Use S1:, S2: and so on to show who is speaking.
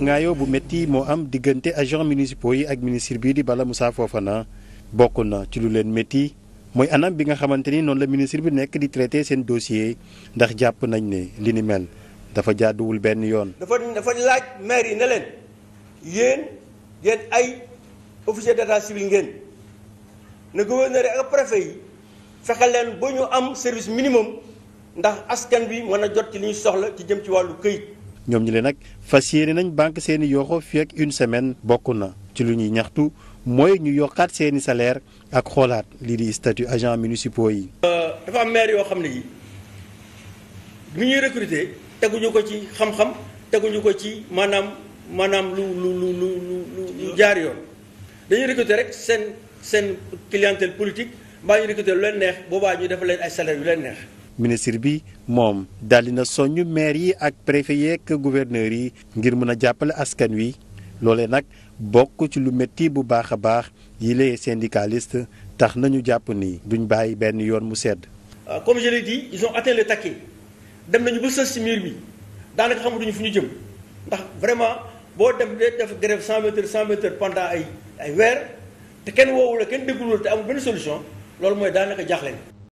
S1: ngaayoo bu métti moo am diggante agent municipaux yi ak ministre bii di Bala foofa Fofana bokk na ci lu leen métti mooy anam bi nga xamante ni noonu la ministre bi nekk di traité seen dossier ndax jàpp nañ ne li ni mel dafa jàdduwul benn yoon.
S2: dafa dafa laaj maire yi ne leen yéen yéen ay officier d'état civil ngeen ne gouverneur ak préfet yi fexe leen ba ñu am service minimum ndax askan bi mën a jot ci li ñu soxla ci jëm ci wàllu këyit.
S1: ñoom ñi leen nag fas yéene nañ banque seeni yooxoo fii ak une semaine bokk na ci lu ñuy ñaxtu mooy ñu yokkaat seeni salaire ak xoolaat lii di statut agent municipaux yi.
S2: Euh, dafa am maire yoo xam ne yi bu ñuy recruter teguñu ko ci xam-xam teguñu ko ci maanaam maanaam lu lu lu lu lu jaar yoon dañuy recruter rek seen seen clientèle politique mbaa ñu recruter lu leen neex boobaa ñu def leen ay salaire yu leen neex.
S1: ministre bi moom daldi na soññ maire yi ak préfet yeeg gouverneur yi ngir mën a jàppale askan wi loole nag bokk ci lu métti bu baax a baax yi les syndicalistes tax nañu jàpp ni duñ bàyyi benn yoon mu sedd.
S2: Euh, comme je l'ai dit ils ont atteint le taquet dem nañu ba sës ci mur bi xamatuñu fu ñu jëm ndax vraiment boo dem day def grève 100 mètres 100 mètres pendant ay ay weer te kenn woowu la kenn déggulul te amul benn solution loolu mooy daanaka jaaxle